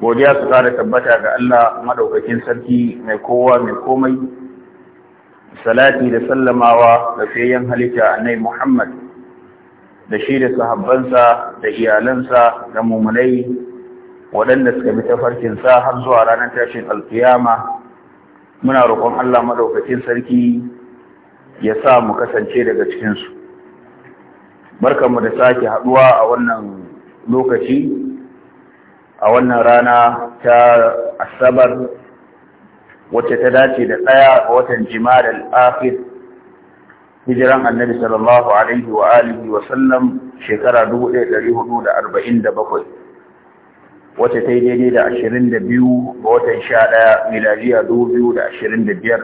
godiya su kara tabbata ga Allah madaukakin sarki mai kowa mai komai salati da sallamawa ga fiyayyen halitta annai Muhammad da shi da sahabbansa da iyalansa da mumunai waɗanda suka bi tafarkinsa har zuwa ranar tashin alkiyama muna roƙon Allah madaukakin sarki ya sa mu kasance daga cikinsu barkanmu da sake haɗuwa a wannan lokaci a wannan rana ta asabar wacce ta dace da ɗaya a watan jima'ar al'afir hijiran annabi sallallahu alaihi wa alihi wa sallam shekara 1447 wacce ta yi daidai da 22 ga watan 11 miladiya 2025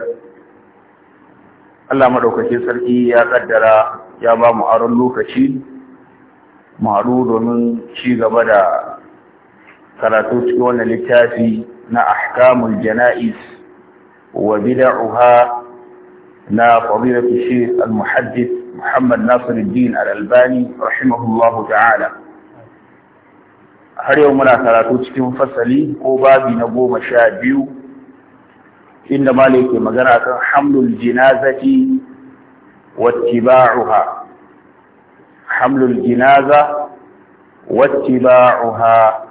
Allah maɗaukacin sarki ya ƙaddara ya ba mu aron lokaci mu haɗu domin ci gaba da karatu cikin wannan littafi na ahkamul jana'is wa bid'uha na fadilatu shaykh al-muhaddith Muhammad Nasiruddin al-Albani rahimahullah ta'ala har yau muna karatu cikin fasali ko babi na goma sha biyu inda malai ke magana kan hamlul jinazati wattiba'uha hamlul jinaza wattiba'uha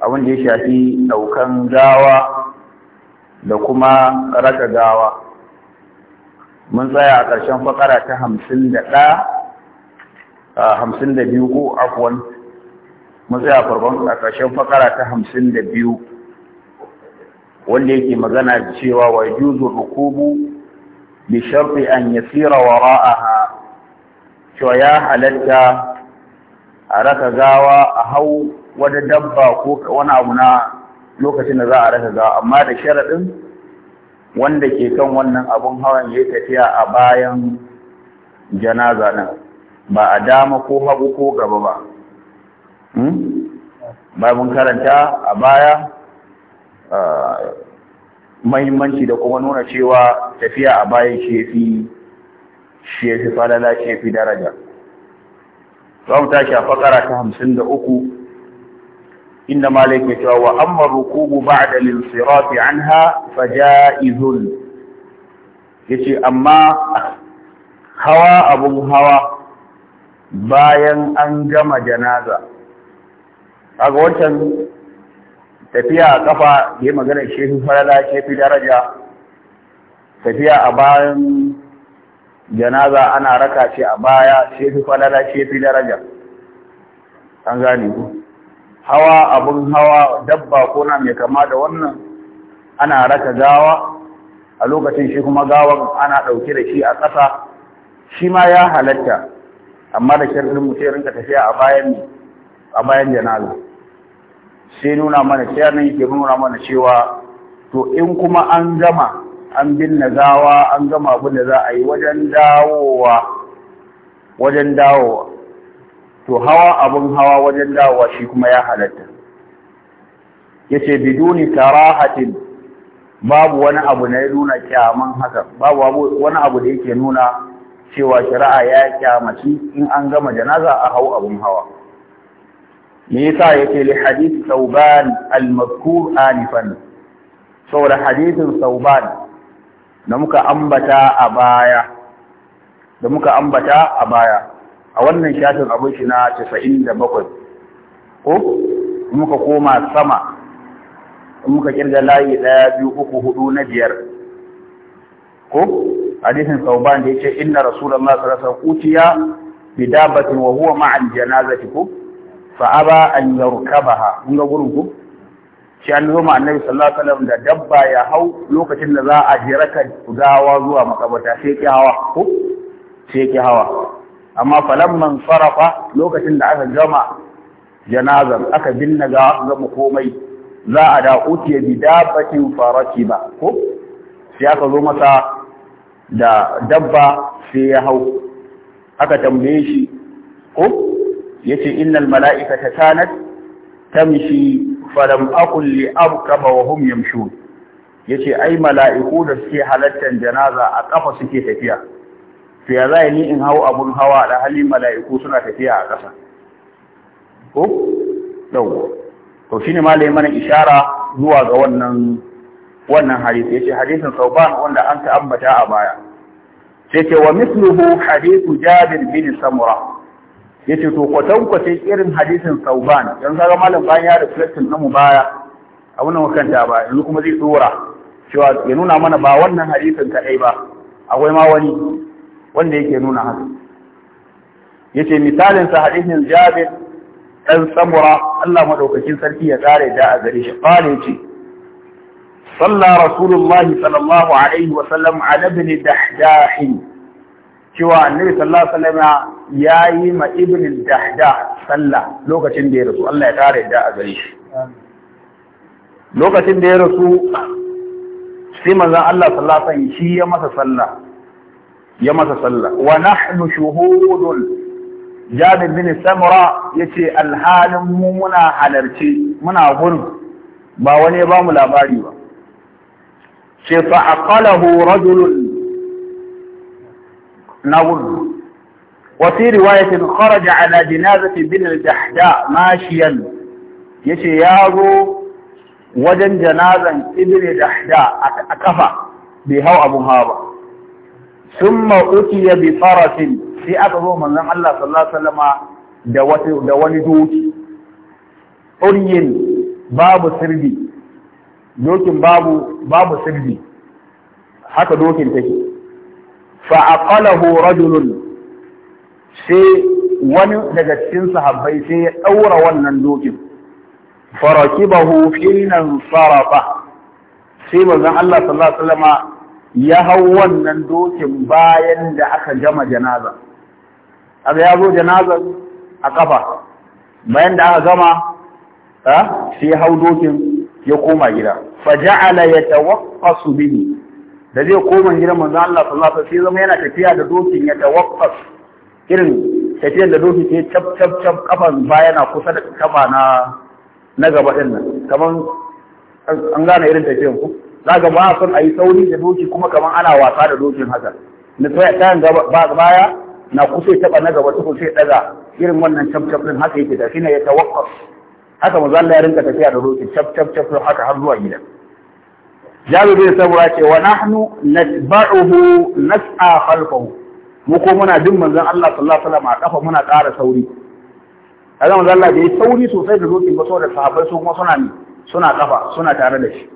abin da ya shafi ɗaukan gawa da kuma raka gawa mun tsaya a ƙarshen fakara ta hamsin da a hamsin da biyu ko afuwan mun tsaya a ƙarshen fakara ta hamsin da biyu wanda yake magana da cewa wa juzu rukubu bi sharfi an yasira wara'aha cewa ya halatta a raka gawa a hau wani dabba ko wani abu na lokacin da za a raka gawa amma da sharaɗin wanda ke kan wannan abun hawan ya yi tafiya a bayan janaza nan ba a dama ko hagu ko gaba ba hmm? mun karanta a baya mahimmanci da kuma nuna cewa tafiya a bayan shefi shefi falala shefi daraja za mu tashi a fakara ta hamsin da uku inda malik ya cewa wa amma rukubu ba'da lil sirati anha fajaizun yace amma hawa abun hawa bayan an gama janaza kaga wancan tafiya a kafa da ya magana shehu farala shehu daraja tafiya a bayan janaza ana raka ce a baya ce fi falala ce fi daraja an gane ku hawa abun hawa dabba ko na mai kama da wannan ana raka gawa a lokacin shi kuma gawan ana ɗauke da shi a ƙasa shi ma ya halatta amma da shirin mu sai rinka tafiya a bayan a bayan janaza sai nuna mana sai nan yake nuna mana cewa to in kuma an gama an binne gawa an gama abin da za a yi wajen dawowa wajen dawowa to hawa abin hawa wajen dawowa shi kuma ya halatta yace biduni tarahatin babu wani abu na nuna kyaman haka babu wani abu da yake nuna cewa shari'a ya kyamaci in an gama janaza a hau abin hawa me yasa yake li hadith sauban al-mazkur anifan saboda hadithin sauban da muka ambata a baya da muka ambata a baya a wannan shafin abinci na 97 ko muka koma sama muka kirga layi daya biyu uku hudu na biyar ko hadisin sauban da ya ce inna rasulullahi sallallahu alaihi wasallam utiya bidabatin wa huwa ma'a janazati ko fa aba an yarkabaha mun ga gurin ku shi an zo ma annabi sallallahu alaihi wasallam da dabba ya hau lokacin da za a jira ka gawa zuwa makabata sai ki hawa ko sai ki hawa amma falamman sarafa lokacin da aka gama janazan aka binne ga gama komai za a da utiya bi dabbatin faraki ba ko sai aka zo masa da dabba sai ya hau aka tambaye shi ko yace innal mala'ikata kanat tamshi falam akul li abkama wa hum yamshun yace ai mala'iku da suke halattan janaza a kafa suke tafiya to ya zai ni in hau abun hawa da hali mala'iku suna tafiya a ƙasa ko dawo to shine malai mana ishara zuwa ga wannan wannan hadisi yace hadisin sauban wanda an ta ambata a baya sai wa mithluhu hadithu jabir bin samura yace to kwatankwacin irin hadisin sauban yanzu zaga malam bayan ya reflection namu baya a wannan makanta ba yanzu kuma zai dora cewa ya nuna mana ba wannan hadisin kadai ba akwai ma wani wanda yake nuna haka yace misalin sa hadisin Jabir dan Samura Allah madaukakin sarki ya kare da a gare shi Ƙwale ce صلى رسول الله صلى الله عليه وسلم على ابن دحداح cewa annabi sallallahu alaihi wasallam ya yi ma ibn dahda sallah lokacin da ya rasu Allah ya kare da a gare shi lokacin da ya rasu sai manzon Allah sallallahu alaihi wasallam shi ya masa sallah ya masa sallah wa nahnu shuhudun Jabir bin Samura yace alhalin mu muna halarci muna gurin ba wani ya ba mu labari ba sai fa aqalahu rajulun نغل وفي رواية خرج على جنازة بن الدحداء ماشيا يشي يارو وجن جنازة ابن الدحداء أكفى بهو أبو هابا ثم أتي بفرس في أبو من الله صلى الله عليه وسلم دواني دوت أرين باب سردي دوت باب babu sirdi haka dokin take fa'aqalahu rajulun sai wani daga cikin sahabbai sai ya ɗaura wannan dokin farakibahu hinan sarafa sai manzon Allah sallallahu alaihi wasallama ya hau wannan dokin bayan da aka gama janaza aga ya zo janazar a ƙafa. bayan da aka gama sai hau dokin ya koma gida faja'ala yatawaffasu bihi da zai koma gidan manzo Allah sallallahu alaihi wasallam sai yana tafiya da dokin ya tawaffas irin tafiyar da doki sai cap cap cap kafan baya na kusa da kafa na na gaba din nan kaman an gane irin tafiyar ku za ga ba son ayi sauri da doki kuma kaman ana wasa da dokin haka na tayan gaba baya na kusa ya taba na gaba tukun sai daga irin wannan cap cap din haka yake da shine ya tawaffas haka manzo Allah ya rinka tafiya da doki cap cap cap haka har zuwa gidan jabir bin sabura ce wa nahnu natba'uhu nas'a khalfahu mu ko muna bin manzon Allah sallallahu alaihi wasallam a kafa muna ƙara sauri kaga manzon Allah da yi sauri sosai da zoki ba saboda sahabbai su kuma suna suna kafa suna tare da shi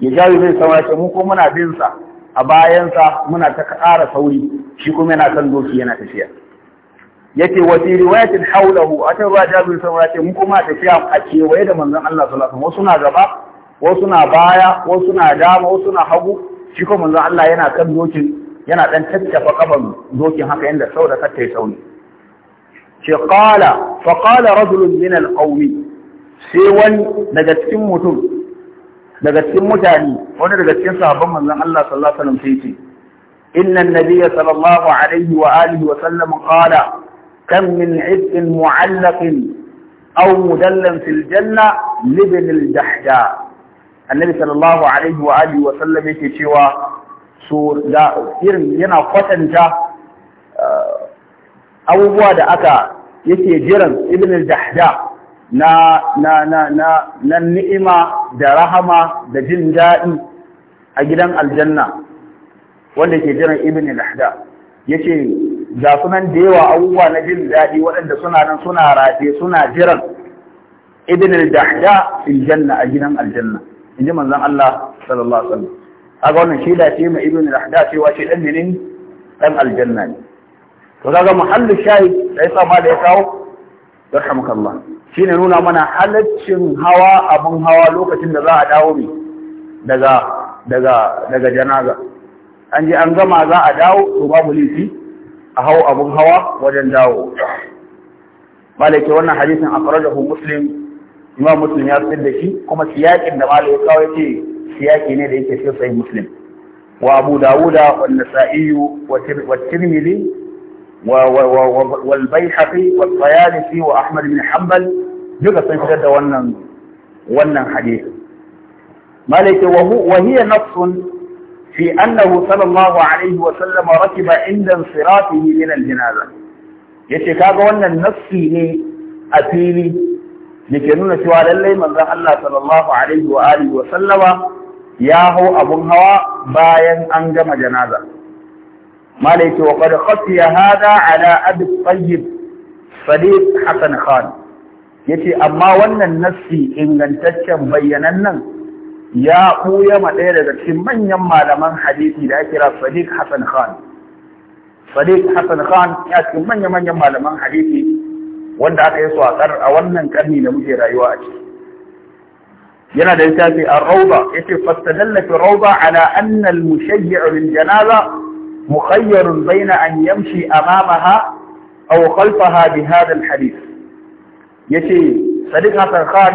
ya jabi bin sabura ce mu ko muna bin sa a bayansa muna ta ƙara sauri shi kuma yana kan doki yana tafiya yake wa fi riwayatin haulahu a ta ruwa jabir sabura ce mu kuma tafiya a kewaye da manzon Allah sallallahu alaihi wasallam suna gaba wasu na baya wasu na dama wasu na hagu shi kuma manzon Allah yana kan dokin yana dan tattafa kafan dokin haka yanda da katta ya sauni ce qala fa qala rajulun min al-qawmi sai wani daga cikin mutum daga cikin mutane wani daga cikin sahabban manzon Allah sallallahu alaihi wasallam sai ce inna an-nabiyya sallallahu alaihi wa alihi wa sallam qala kam min 'ibdin mu'allaqin aw mudallan fil janna libn al-jahja annabi sallallahu alaihi wa alihi wa sallam yake cewa so da irin yana kwatanta uh, abubuwa da aka yake jiran ibn al-dahda na na na na na ni'ima da rahama da jin daɗi a gidan aljanna wanda jiran ibn al-dahda yace ga sunan da yawa abubuwa na jin daɗi waɗanda suna nan suna rafe suna jiran ibn al-dahda janna a gidan aljanna Inji ji Allah sallallahu alaihi wasallam wannan shi da ce mai ibn al cewa shi dan ne dan aljanna ne to kaga muhallin shahid da yasa ma da ya kawo yarhamukallah ne nuna mana halaccin hawa abun hawa lokacin da za a dawo ne daga daga daga janaza an je an gama za a dawo to babu lifi a hau abun hawa wajen dawo Malaki wannan hadisin akhrajahu muslim imam muslim ya fitar da shi kuma siyakin da malai kawai ce siyaki ne da yake cikin sahih muslim wa abu dawuda wa nasa'i wa tirmidhi wa wal baihaqi wa tayalisi wa ahmad bin hanbal duka sun fitar da wannan wannan hadisi malai ce wa hiya nafsun fi annahu sallallahu alaihi wa sallam rakiba inda insiratihi min al-janaza yace kaga wannan nafsi ne a fili da ke nuna cewa lallai manzon Allah sallallahu alaihi wa alihi wa sallama ya hau abun hawa bayan an gama janaza mala yake wa qad khafiya hada ala abi tayyib sadiq hasan khan yace amma wannan nassi ingantaccen bayyanan nan ya ɓuya ma ɗaya daga cikin manyan malaman hadisi da ake kira sadiq hasan khan sadiq hasan khan ya cikin manya-manyan malaman hadisi wanda aka yi su a wannan karni da muke rayuwa a ciki yana da littafi a rauba ya ce fastadalla fi rauba ala annal mushayyi'u abin janaza mukhayyarun baina an yamshi amamaha aw khalfaha bi hadha hadis. Ya yace sadiq hasan khan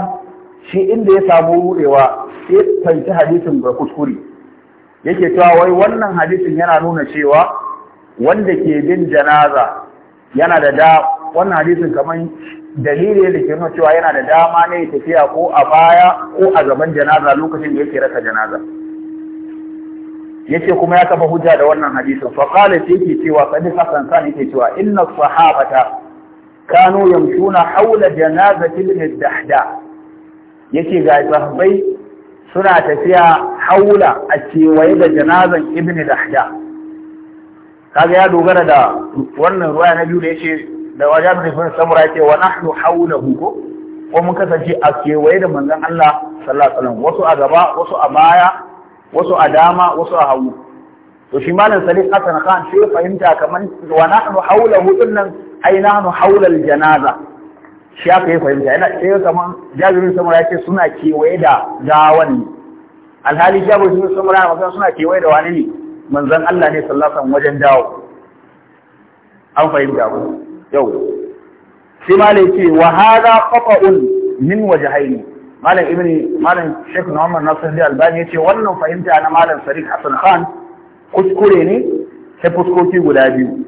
shi inda ya samu rurewa sai fanci hadisin ga kuskure yake cewa wai wannan hadisin yana nuna cewa wanda ke bin janaza yana da da wannan hadisin kamar dalili da ke nuna cewa yana da dama ne ya tafiya ko a baya ko a gaban janaza lokacin da yake rasa janaza yace kuma ya kafa hujja da wannan hadisin fa qala yake cewa sadi hasan san yake cewa inna sahabata kanu yamshuna hawla janazati ibn dahda yace ga sahabbai suna tafiya haula a kewaye da janazan ibn dahda kaga ya dogara da wannan ruwaya na biyu da yace da wajen rufin samura ya ce wa nahnu haulahu ko ko mun kasance a kewaye da manzon Allah sallallahu alaihi wasu a gaba wasu a baya wasu a dama wasu a hagu to shi malam Salih Hassan Khan sai fahimta kamar wa na nahnu haulahu nan ai na nahnu haulal janaza shi aka yi fahimta yana sai kamar jabirin samura ya ce suna kewaye da gawan ne alhali jabirin samura ya magana suna kewaye da wani ne manzan Allah ne sallallahu alaihi wasallam wajen dawo an fahimta ku yau sai malai ce wa hadha qata'un min wajhayn malam ibni malam Sheikh Muhammad Nasir Al-Albani yace wannan fahimta na malam Sadiq Hassan Khan kuskure ne ta fuskoki guda biyu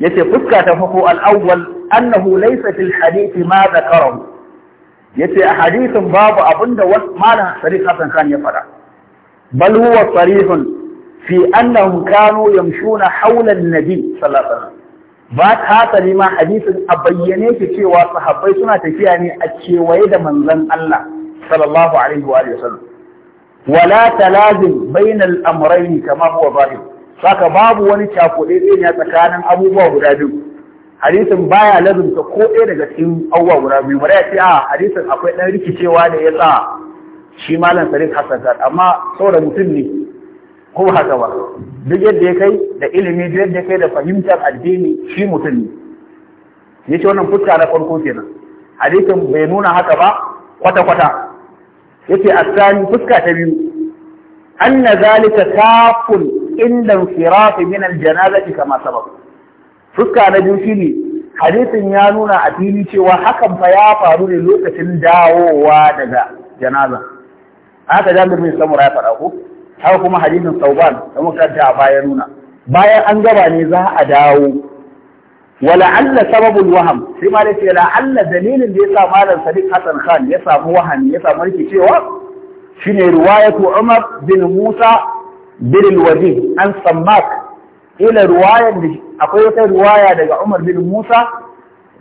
yace fuska ta farko al-awwal annahu laysa fil hadith ma dhakarahu yace a hadithin babu abinda malam Sadiq Hassan Khan ya faɗa bal huwa sarihun fi annahum kanu yamshuna hawla an-nabi sallallahu alaihi wasallam ba ta hasali ma hadisin a bayyane ki cewa sahabbai suna tafiya ne a kewaye da manzon Allah sallallahu alaihi wa sallam wala talazim bainal amrayn kama huwa zahir saka babu wani cakuɗe ya tsakanin abubuwa guda biyu hadisin baya lazumta ko ɗaya daga cikin abubuwa guda biyu bare ce a ah, hadisin akwai ɗan rikicewa da ya sa shi malam sarif Hassan amma saboda mutum ne ko haka ba duk yadda ya kai da ilimi duk yadda ya kai da fahimtar addini shi mutum ne Ya ce wannan fuska na farko kenan hadisin bai nuna haka ba kwata kwata Ya a Sani fuska ta biyu anna zalika kafin inda insiraf min aljanazati kama sabab fuska na biyu ne. hadisin ya nuna a fili cewa hakan fa ya faru ne lokacin dawowa daga janaza haka jami'in samura ya faɗa ko haka kuma hadisin sauban da makaranta a baya nuna bayan an gaba ne za a dawo wala'alla sababul waham sai ma ce la'alla dalilin da ya sa malam sadiq hasan khan ya samu wahani ya samu rikicewa shine riwayatu umar bin musa bin wadi an sammak ila riwayar da akwai wata riwaya daga umar bin musa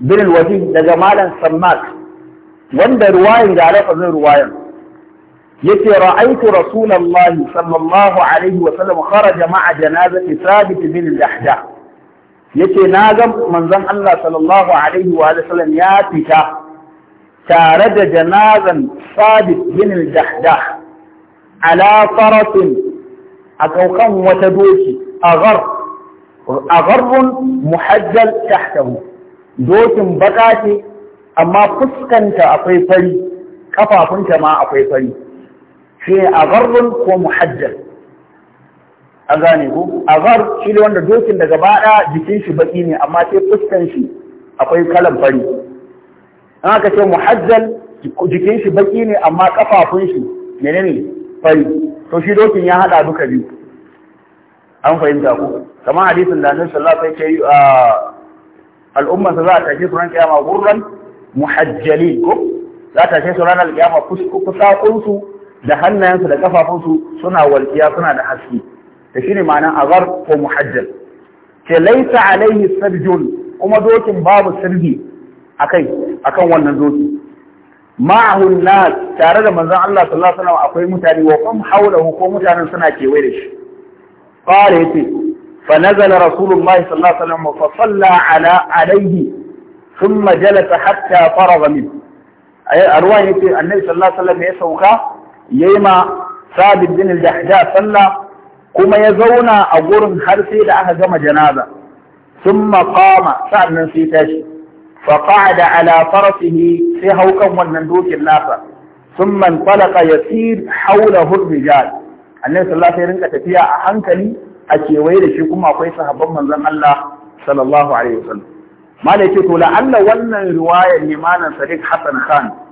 bin wadi daga malam sammak wanda riwayar da alafa zai riwayar yace ra'aytu rasulullahi sallallahu alaihi wa sallam kharaja ma'a janazati thabit bin al-dahdah yace na ga manzon Allah sallallahu alaihi wa sallam ya fita tare da janazan thabit bin al-dahdah ala farasin a kaukan wata doki a agarrun muhajjal tahtahu dokin baka ce amma fuskanta akwai fari kafafunta ma akwai fari sai agarrun ko muhajjal an gane ku agar shi ne wanda dokin da gaba ɗaya jikin shi baki ne amma sai fuskan shi akwai kalan fari an aka ce muhajjal jikin shi baki ne amma kafafun shi menene fari to shi dokin ya haɗa duka biyu an fahimta ku kamar hadisin da annabi sallallahu alaihi wasallam ya ce ah, al'umma za ta tashi suran kiyama gurran muhajjali ko za ta tashi suran al-kiyama fuskun su da hannayensu da kafafunsu suna walƙiya suna da haske da shine ma'anar azar ko muhajjal ce laisa alaihi sarjun kuma dokin babu sirri akai akan wannan doki ma'ahun na tare da manzon Allah sallallahu alaihi wasallam akwai mutane wa kum haulahu ko mutanen suna kewaye da shi qala yace fa nazala rasulullahi sallallahu alaihi wasallam fa salla ala alaihi thumma jalasa hatta faraga min a ruwan yace annabi sallallahu alaihi wasallam ya sauka yayi ma Sabit bin al sallah kuma ya zauna a gurin har sai da aka gama janaza sun qama sa'annan sai tashi fa qa'ada ala farasihi sai haukan wannan dokin nasa thumma talaqa yasir haula, ar-rijal annabi sallah sai rinka tafiya a hankali a kewaye da shi kuma akwai sahabban manzon Allah sallallahu alaihi wasallam malai ce to la'alla wannan riwayar limanan Sadiq Hassan Khan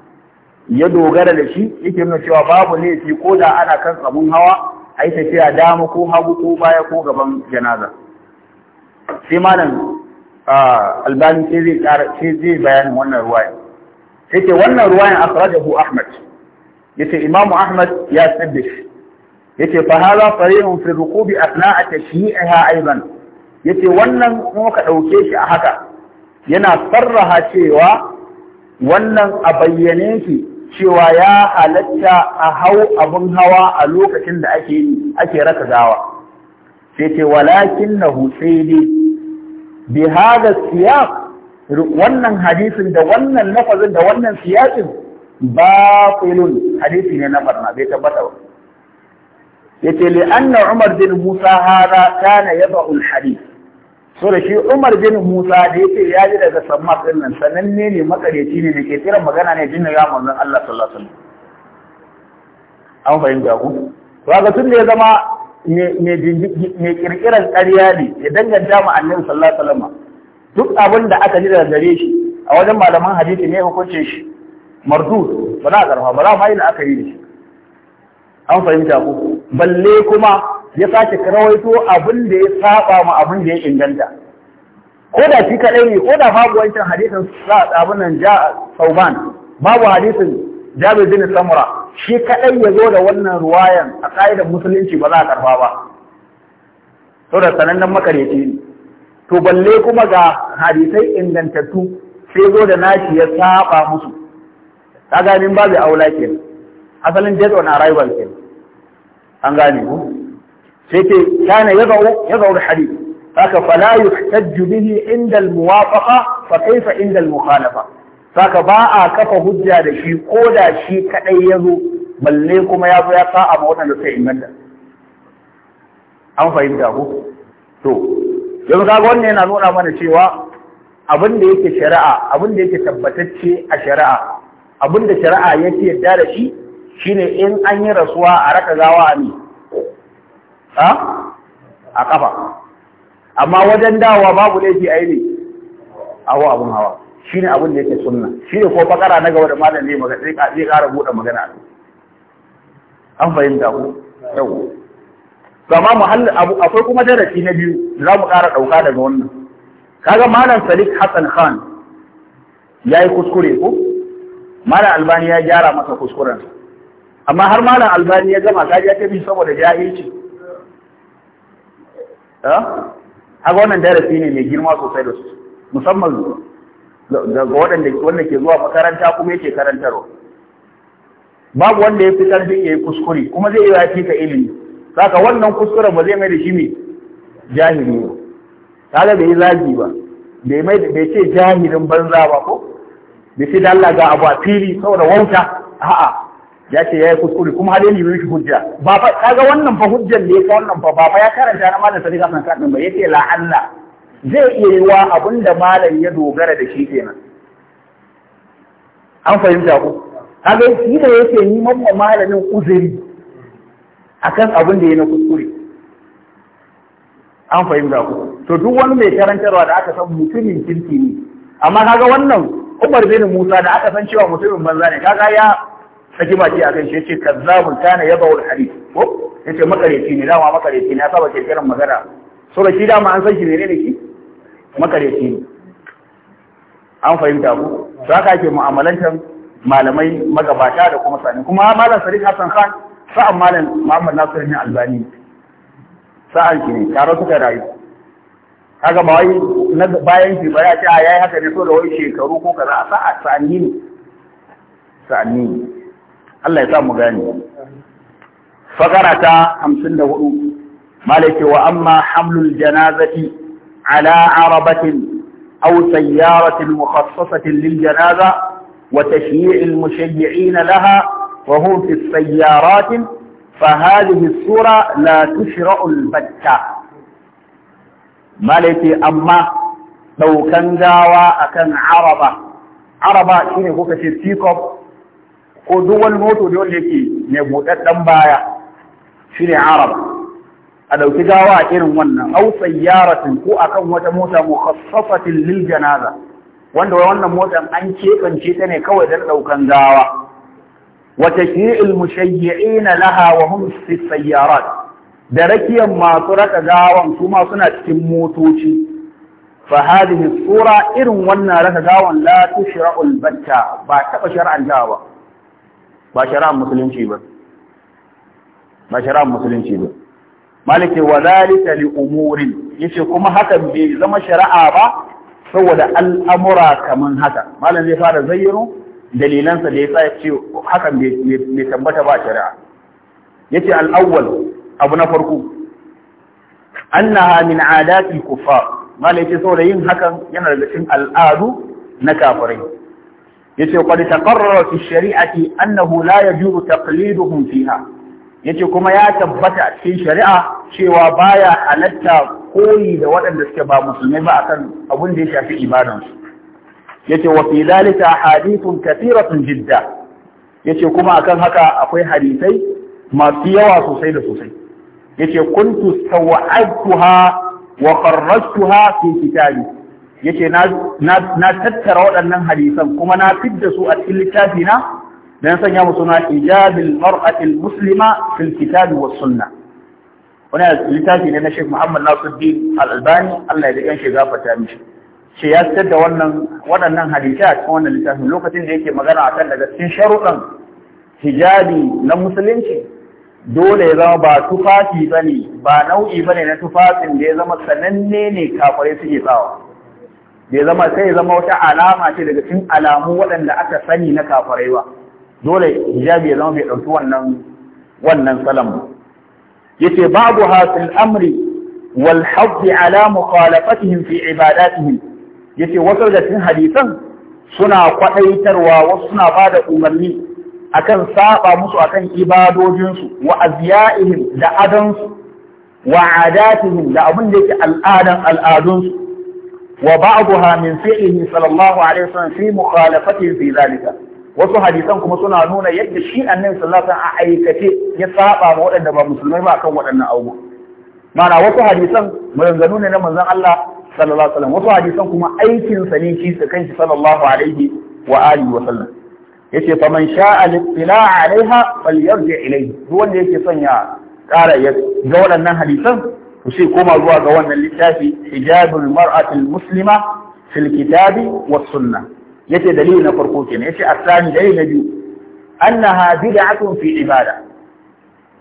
ya dogara da shi yake nuna cewa babu laifi ko da ana kan abun hawa a yi a dama ko hagu ko baya ko gaban janaza sai malam albani sai zai kara sai zai bayanin wannan ruwaya sai ce wannan ruwayan akhrajahu ahmad yace imamu ahmad ya sabbish yace fa hadha a fi rukubi asna'a tashyi'iha aidan yace wannan kuma ka dauke shi a haka yana sarraha cewa wannan a bayyane shi cewa ya halatta a hau abin hawa a lokacin da ake ake raka gawa sai ce walakin na hutsai bi haɗa siyaq wannan hadisin da wannan lafazin da wannan siyaqin batilun hadisi ne na barna bai tabbata ba yace li na umar bin musa hada kana na yabaul hadith so da shi Umar bin Musa da yake ya ji daga Sammas din nan sananne ne makareci ne da ke tsira magana ne jinna ya manzon Allah sallallahu alaihi wasallam an fahimta ku ga tun da ya zama mai kirkiran ƙarya ne ya danganta mu annabi sallallahu alaihi wasallam duk abin da aka ji daga gare shi a wajen malaman hadisi ne hukuncin shi mardud ba za a karfa ba za a ma yi da aka yi da shi an fahimta ku balle kuma ya sake rawaito abin da ya saba ma abin da ya inganta ko da shi kadai ne ko da babu wancan hadisin sa abin nan ja sauban babu hadisin jabir bin samura shi kaɗai ya zo da wannan ruwayan a ƙa'idar musulunci ba za a karba ba saboda sanannen makareci ne to balle kuma ga hadisai ingantattu sai zo da nashi ya saba musu ka ba babu aula kenan asalin death on arrival kenan an gane ku sai ce kana yadau da hadith haka fala yuhtajju bihi inda al-muwafaqa fa kaifa inda al-mukhalafa saka ba a kafa hujja da shi ko da shi kadai ya zo balle kuma ya zo ya sa'a da sai inganta an fahimta ku to yanzu kaga wannan yana nuna mana cewa abin da yake shari'a abin da yake tabbatacce a shari'a abin da shari'a yake yarda da shi shine in an yi rasuwa a raka gawa a ne a ƙafa. amma wajen dawa babu laifi a yi ne awo abun hawa shi ne abin da yake sunna shi ne ko bakara na gaba da malam ne zai ƙara buɗe magana an fahimta ku yau gama muhalli akwai kuma darasi na biyu za mu ƙara ɗauka daga wannan kaga malam Salik hassan khan ya yi kuskure ko malam albani ya gyara masa kuskuren amma har malam albani ya gama kaji ya tafi saboda jahilci haka eh? wannan darasi ne mai girma sosai da su musamman ga wanda ke zuwa makaranta kuma yake karantarwa babu wanda ya fi karfin ya yi kuskure kuma zai yi ya fi ka ilimi saka wannan kuskuren ba zai mai da shi mai jahili ba kaga bai yi zagi ba bai ce jahilin banza ba ko bai fi da ga abu a fili saboda wauta a'a ya ce ya yi kuskure kuma har yanzu yi hujja ba fa kaga wannan fa hujjar ne ka wannan fa ba fa ya karanta na malam sadiq hasan kadin ba yace la Allah zai iya yi wa abinda malam ya dogara da shi kenan an fahimta ku kaga shi da yake ni mamma malamin uzuri akan abin da ya na kuskure an fahimta ku to duk wani mai karantarwa da aka san mutumin kirki ne amma kaga wannan Umar bin Musa da aka san cewa mutumin banza ne kaga ya saki baki a kan shi yace kazzabun kana yabawul hadith ko yace makareci ne dama makareci ne ya saba kiran magana so da shi dama an san shi menene shi makareci ne an fahimta ku to haka ake mu'amalantan malamai magabata da kuma sani kuma malam Sadiq Hassan Khan sa'an malam Muhammad Nasir bin Albani sa'an shi ne tare suka rayu kaga ba wai bayan shi ba ya ce a yayi haka ne so da wai shekaru ko kaza a sa'a sa'anni ne sa'anni ne Allah ya samu gani fakara ta 54 malaki wa amma hamlul janazati ala arabatin أو سيارة مخصصة للجنازة وتشييع المشيعين لها وهم في السيارات فهذه الصورة لا تشرع البتة مالتي أما لو كان جاوا أكن عربة عربة شنو هو كثير تيكوب ko duk wani moto da wanda yake mai buɗaɗɗen baya shi ne arab a ɗauki gawa a irin wannan au sayyaratin ko akan wata mota mukhassasatin lil janaza wanda wannan motan an keɓance ta ne kawai don ɗaukan gawa wa tashyi'il mushayyi'ina laha wa hum fi sayyarat da rakiyan masu raka gawan su ma suna cikin motoci fa hadhihi sura irin wannan raka gawan la tushra'u batta ba taɓa shar'an ba ba shari'ar musulunci ba ba shari'ar musulunci ba malike wa zalika li umurin yace kuma hakan bai zama shari'a ba saboda al'amura kaman haka malam zai fara zayyano dalilansa da yasa yace hakan bai tabbata ba shari'a yace al-awwal abu na farko annaha min adati kuffar malike saboda yin hakan yana daga cikin al'adu na kafirai yace qad taqarrara fi shari'ati annahu la yajuzu taqliduhum fiha yace kuma ya tabbata cikin shari'a cewa baya halatta koyi da waɗanda suke ba musulmai ba akan abin da ya shafi ibadansu yace wa fi dalika hadithun kathiratun jidda yace kuma akan haka akwai hadisai masu yawa sosai da sosai yace kuntu sawa'tuha wa kharrajtuha fi kitabi yace na na tattara waɗannan hadisan kuma na fidda su a cikin littafi na sanya musu suna ijabil mar'atil muslima fil kitabi was sunnah wannan littafi ne na Sheikh Muhammad Nasiruddin Al-Albani Allah ya da shi gafarta mishi ce ya fitar da wannan waɗannan hadisi a cikin wannan littafin lokacin da yake magana akan daga cikin sharuɗan hijabi na musulunci dole ya zama ba tufafi bane ba nau'i bane na tufafin da ya zama sananne ne kafirai suke tsawa bai zama sai zama wata alama ce daga cikin alamu waɗanda aka sani na kafarai ba dole hijabi ya zama bai ɗauki wannan wannan salam ba yace babu hasil amri wal hadd ala mukhalafatihim fi ibadatihim yace wasu da cikin hadisan suna kwadaitarwa wasu suna bada umarni akan saba musu akan ibadojinsu wa azyaihim da adansu wa adatihim da abin da yake al'adan al'adunsu وبعضها من فعله صلى الله عليه وسلم في مخالفته في ذلك wasu hadisan kuma suna nuna yadda shi annabi sallallahu alaihi wasallam a aikace ya saba ma waɗanda ba musulmai ba akan waɗannan abubuwa mana wasu hadisan maganganu ne na manzon Allah sallallahu alaihi wasallam wasu hadisan kuma aikin sa ne shi da kanshi sallallahu alaihi wa alihi wa sallam yace fa man sha'a al-ittila' alaiha falyarji ilayhi duk wanda yake son ya ƙara ya ga waɗannan hadisan ku sai koma zuwa ga wannan littafi hijabul mar'atul muslima fil kitabi was sunna yace dalili na farko kenan yace asani dai na biyu annaha bid'atun fi ibada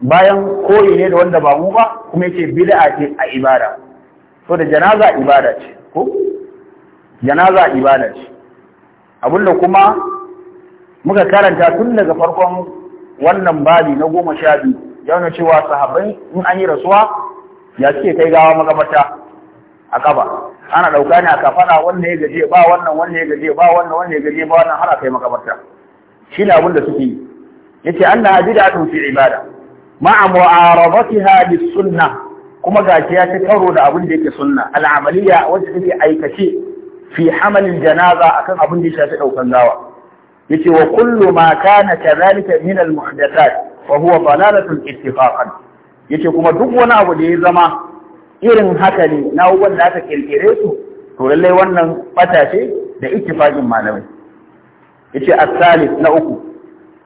bayan koyi ne da wanda ba mu ba kuma yace bid'a ce a ibada so da janaza ibada ce ko janaza ibada ce abinda kuma muka karanta tun daga farkon wannan babi na goma sha biyu yana cewa sahabbai in an yi rasuwa ya ce kai gawa makabarta a kafa ana ɗauka ne a kafana wannan ya gaje ba wannan wannan ya gaje ba wannan wannan ya gaje ba wannan har kai makabarta shi ne abin da suke yi yace annaha bid'atun fi ibada ma'a mu'arabatiha bis sunnah kuma gashi ya ta karo da abin da yake sunna al'amaliya wacce take aikace fi hamalin janaza akan abin da ya shafi daukan gawa yace wa kullu ma kana kadhalika min al muhdathat fa huwa dalalatun ittifaqan yace kuma duk wani abu da ya zama irin haka ne na abubuwan da aka kirkire su to lallai wannan bata ce da ittifaqin malamai yace as na uku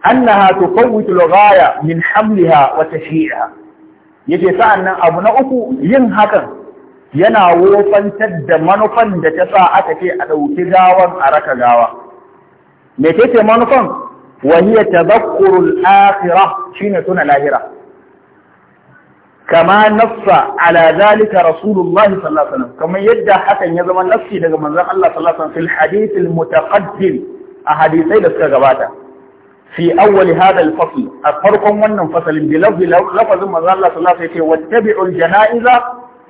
annaha tufawwitu al-ghaya min hamliha wa tashyi'iha yace sa'annan abu na uku yin hakan yana wofantar da manufan da ta sa aka ce a ɗauki gawan a raka gawa me ce manufan wa hiya tadhakkurul akhirah shine tuna lahira kama nafsa ala zalika rasulullahi sallallahu alaihi yadda hakan ya zama nassi daga manzon Allah fil hadith al a hadisai da suka gabata fi awwal hada al fasl a farkon wannan fasalin bi lafzi lafazin manzon Allah sallallahu alaihi wasallam yace wattabi'u al janaiza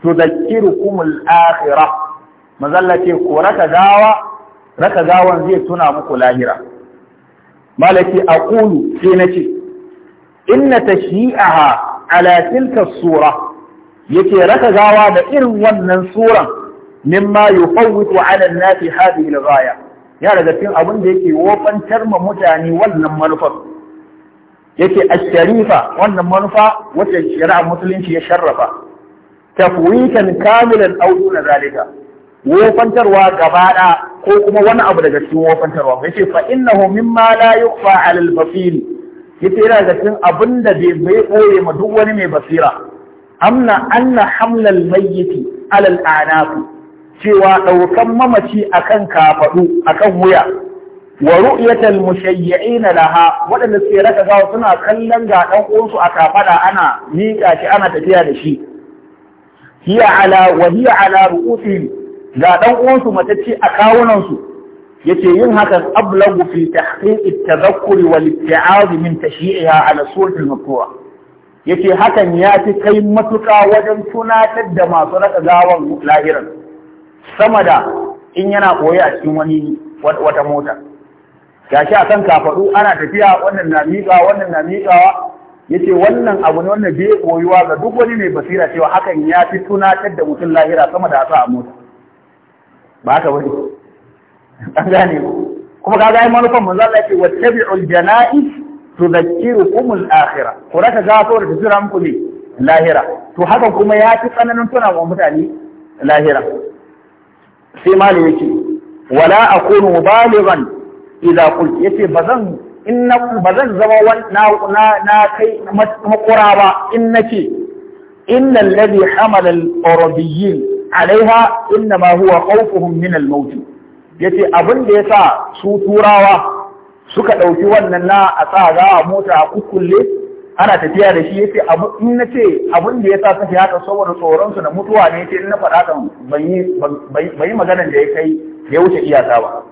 tudhakkirukum al akhirah ce ko raka gawa raka gawan zai tuna muku lahira malaki Kulu sai nace inna tashyi'aha ala tilka sura yake raka gawa da irin wannan suran mimma yufawwitu ala an-nasi hadhihi al-ghaya ya daga cikin abin da yake wofantar ma mutane wannan manufar yake ash-sharifa wannan manufa wacce shari'ar musulunci ya sharrafa tafwitan kamilan aw duna zalika wofantarwa gaba da ko kuma wani abu daga cikin wofantarwa yace fa innahu mimma la yukhfa ala al-basil yace yana da cikin abin da bai bai ma duk wani mai basira amna anna hamlal mayyiti alal anaf cewa daukan mamaci akan kafadu akan wuya wa ru'yatal mushayyi'in laha wadanda suke raka gawa suna kallon ga dan uwansu a kafada ana miƙa shi ana tafiya da shi hiya ala wa hiya ala ga dan uwansu matacce a kawunan su yace yin hakan ablagu fi tahqiq at-tadhakkuri wal ibti'ad min tashyi'iha ala suratul maqwa yace hakan ya fi kai matuka wajen tunatar da masu raka gawan lahiran sama da in yana koyi a cikin wani wata mota gashi a kan kafaɗu ana tafiya wannan na miƙa wannan na miƙawa yace wannan abu ne wannan bai koyuwa ga duk wani mai basira cewa hakan ya fi tunatar da mutum lahira sama da a sa a mota ba haka bane an gane kuma ka manufan manzo Allah yake wattabi'ul janaiz tudhakkirukum al-akhirah ko raka gafo da tsira muku ne lahira to haka kuma ya fi tsananin tuna wa mutane lahira sai malai yake wala akunu balighan idza qult yace bazan in bazan zama wan na na kai makura ba in nake inna alladhi hamala al-arabiyyin alaiha inna ma huwa khawfuhum min al-maut yace abin da yasa su turawa suka ɗauki wannan na a sa za a mota a kukulle, ana tafiya da shi yace abu in na ce abin da yasa suke haka saboda tsoron su da mutuwa ne ce in na faɗa kan bai yi maganar da ya kai ya wuce iyaka ba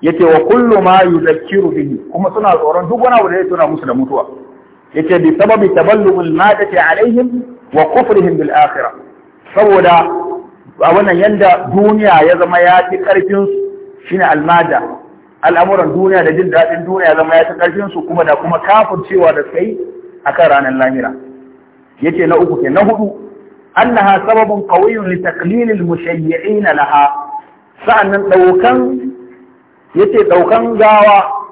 yace wa kullu ma yuzakkiru bihi kuma suna tsoron duk wani abu da ya tuna musu da mutuwa yace bi sababi taballugul madati alaihim wa kufrihim bil akhirah saboda a wannan yanda duniya ya zama ya fi karfin su shine almada al'amuran duniya da jin daɗin duniya zama ya ta ƙarfin su kuma da kuma cewa da kai akan ranar lahira yace na uku ke na hudu annaha sababun qawiyyun li taqlil al laha sa'annan daukan yace daukan gawa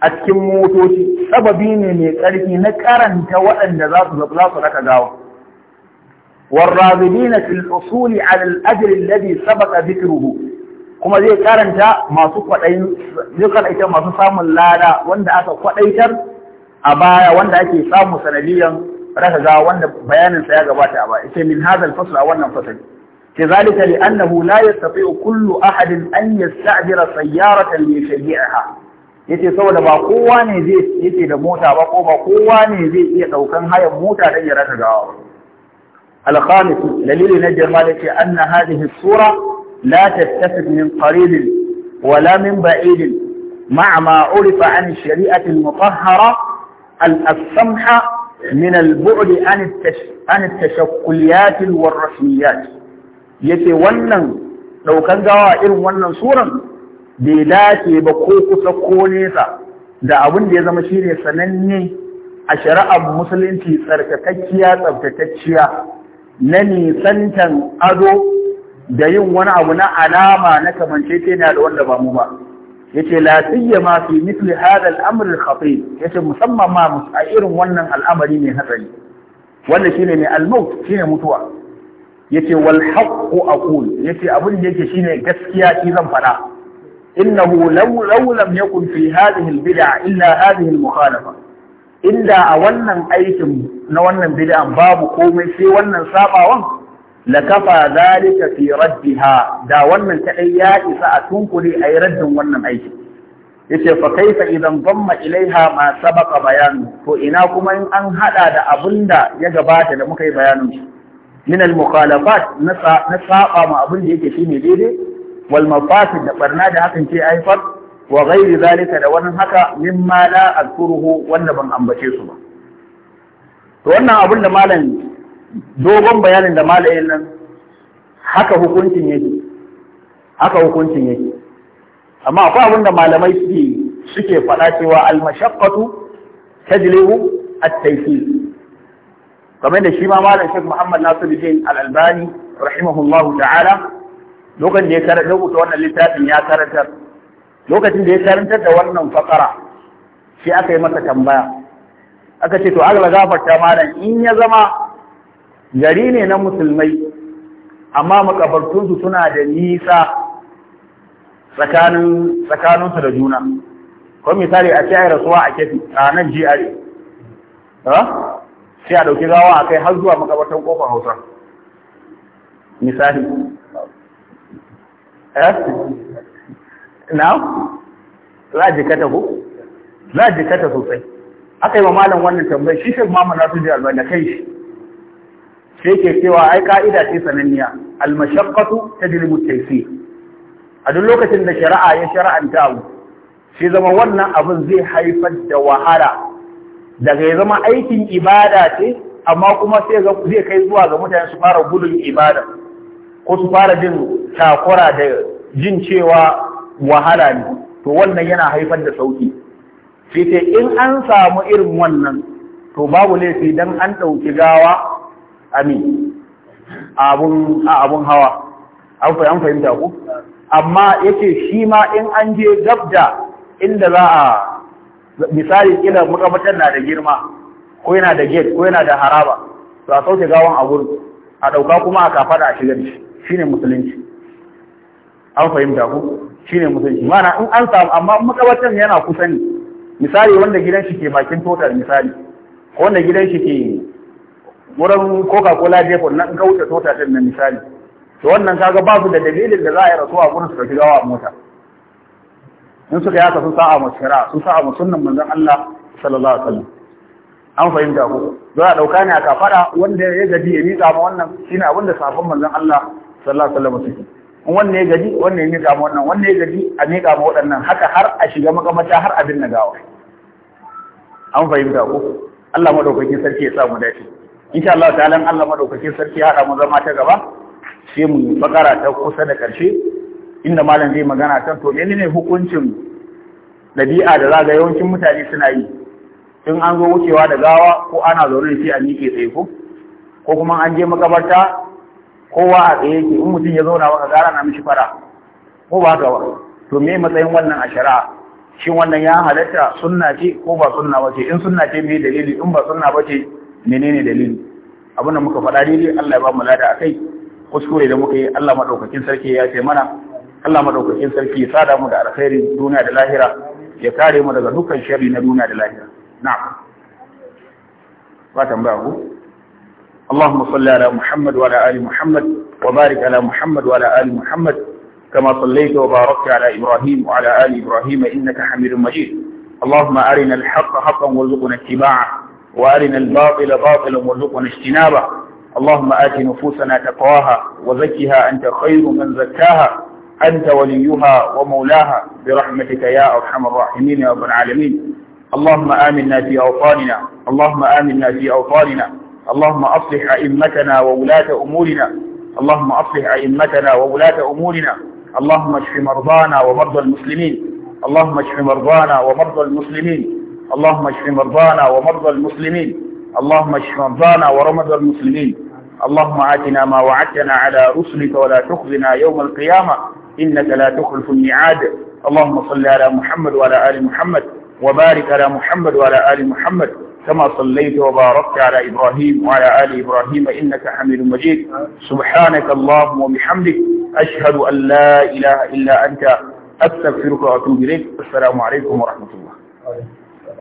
a cikin motoci sababi ne mai ƙarfi na karanta waɗanda za su za su raka gawa والراغبين في الحصول على الأجر الذي سبق ذكره kuma zai karanta masu kwaɗayin zai karanta masu samun lada wanda aka kwaɗaitar a baya wanda ake samun sanadiyan raka ga wanda bayanin sa ya gabata a baya sai min hadal fasl a wannan fasali ke zalika li annahu la yastati'u kullu ahadin an yasta'jira sayyaratan li shari'aha yace saboda ba kowa ne zai yake da mota ba ko ba kowa ne zai iya daukan hayan mota dan ya raka gawa al-khamis dalili na jama'a yace anna hadhihi sura لا تتفق من قريب ولا من بعيد مع ما عرف عن الشريعة المطهرة السمحة من البعد عن, عن التشكليات والرسميات yake wannan ɗaukan gawa irin wannan suran bai dace ba ko kusa ko nesa da abin da ya zama shine sananne a shari'ar musulunci tsarkakakkiya tsaftatacciya na nisantan ado da yin wani abu na alama na kamanceceniya da wanda ba mu ba yace la siyama fi mithli hadha al-amr al-khatir yace musamman ma a irin wannan al'amari ne hatsari wanda shine ne al-maut shine mutuwa yace wal haqqu aqul yace abin da yake shine gaskiya shi zan fada innahu law law lam yakun fi hadhihi al-bid'a illa hadhihi al-mukhalafa inda a wannan aikin na wannan bid'a babu komai sai wannan sabawan lakafa zalika fi raddiha da wannan kadai ya isa a tunkure a yi raddin wannan aiki yace fa kaifa idan dhamma ilaiha ma sabaqa bayan to ina kuma in an hada da abinda ya gabata da muka yi bayanin shi min al na saba ma abin da yake shine daidai wal mafasid da barna da hakan ce aifar wa ghairi zalika da wannan haka mimma la azkuruhu wanda ban ambace su ba to wannan abun da malam dogon bayanin da malayin nan haka hukuncin yake haka hukuncin yake amma akwai abin da malamai suke suke faɗa cewa almashaqqatu tajlibu at-taysir kamar da shi ma malam Sheikh Muhammad Nasiruddin Al-Albani rahimahullahu ta'ala lokacin da ya karanta wannan littafin ya karantar lokacin da ya karantar da wannan fakara shi aka yi masa tambaya aka ce to Allah gafarta malam in ya zama gari ne na musulmai amma makabartunsu suna da nisa tsakaninsu da juna kuma misali a ce ai rasuwa a kefi a nan GRA sai a ɗauki gawa a kai har zuwa makabartan kofar hausa misali eh? na za a jikata ko za a jikata sosai aka yi wa malam wannan tambayi shi shi ma mana su ji albani kai shi sai ke cewa ai ka'ida ce sananniya al-mashaqqatu tajlibu at-taysir a duk lokacin da shari'a ya shar'anta abu sai zama wannan abin zai haifar da wahala daga ya zama aikin ibada ce amma kuma sai zai kai zuwa ga mutane su fara gudun ibada ko su fara jin takura da jin cewa wahala ne to wannan yana haifar da sauki sai in an samu irin wannan to babu laifi dan an ɗauki gawa amin abun abun hawa an fahimta ku amma yake shi ma in an je gabda inda za a misali kila makabatar na da girma ko yana da gate ko yana da haraba to a sauke gawan a gurin a dauka kuma a kafada a shigar shi shine musulunci an fahimta ku shine musulunci mana in an samu amma makabatar yana kusa ne misali wanda gidan shi ke bakin total misali ko wanda gidan shi ke wurin coca-cola jefon nan ka wuce tota din na misali to wannan kaga ba su da dalilin da za a yi rasuwa gurin su tafi gawa mota in suka yaka sun sa'a mu shira sun sa'a mu sunnan manzon Allah sallallahu alaihi wasallam an fahimta ko za a dauka ne a kafaɗa wanda ya gaji ya miƙa ma wannan shine abin da safan manzon Allah sallallahu alaihi wasallam suke in wanne ya gaji wanne ya miƙa ma wannan wanne ya gaji a miƙa ma waɗannan haka har a shiga makamata har abin na gawa an fahimta ko Allah madaukakin sarki ya sa mu dace insha Allah ta'ala Allah madaukakin sarki ya mu zama ta gaba sai mu fakara ta kusa da karshe inda malam zai magana kan to menene hukuncin dabi'a da zaga yawancin mutane suna yi in an zo wucewa da gawa ko ana zaune da shi a miƙe tsaye ko ko kuma an je makabarta kowa a tsaye yake in mutum ya zauna maka gara na mishi fara ko ba haka ba to me matsayin wannan a shari'a shin wannan ya halatta sunna ce ko ba sunna ba ce in sunna ce me dalili in ba sunna ba ce menene dalili abin da muka faɗa daidai Allah ya ba mu lada kai, kuskure da muka yi Allah madaukakin sarki ya ce mana Allah madaukakin sarki ya sada mu da alkhairin duniya da lahira ya kare mu daga dukkan sharri na duniya da lahira na'am ba tambaya ku اللهم صل على محمد وعلى آل محمد وبارك على محمد وعلى آل محمد كما صليت وباركت على إبراهيم وعلى آل إبراهيم إنك حميد مجيد اللهم أرنا الحق حقا وارزقنا اتباعه وأرنا الباطل باطلا وارزقنا اجتنابه اللهم آت نفوسنا تقواها وزكها أنت خير من زكاها أنت وليها ومولاها برحمتك يا أرحم الراحمين يا رب العالمين اللهم آمنا في أوطاننا اللهم آمنا في أوطاننا اللهم أصلح أئمتنا وولاة أمورنا اللهم أصلح أئمتنا وولاة أمورنا اللهم اشف مرضانا ومرضى المسلمين اللهم اشف مرضانا ومرضى المسلمين اللهم اشف مرضانا ومرضى المسلمين اللهم اشف مرضانا ومرضى المسلمين اللهم آتنا ما وعدتنا على رسلك ولا تخزنا يوم القيامة إنك لا تخلف الميعاد اللهم صل على محمد وعلى آل محمد وبارك على محمد وعلى آل محمد كما صليت وباركت على إبراهيم وعلى آل إبراهيم إنك حميد مجيد سبحانك اللهم وبحمدك أشهد أن لا إله إلا أنت أستغفرك وأتوب إليك السلام عليكم ورحمة الله